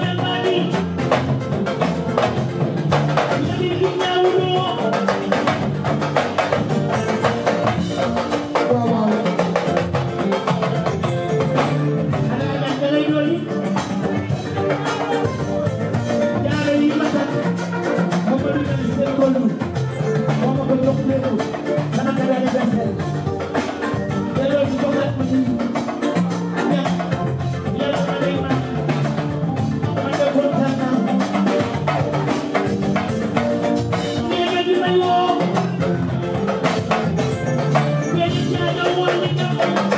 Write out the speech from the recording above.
Amen. Yeah, no one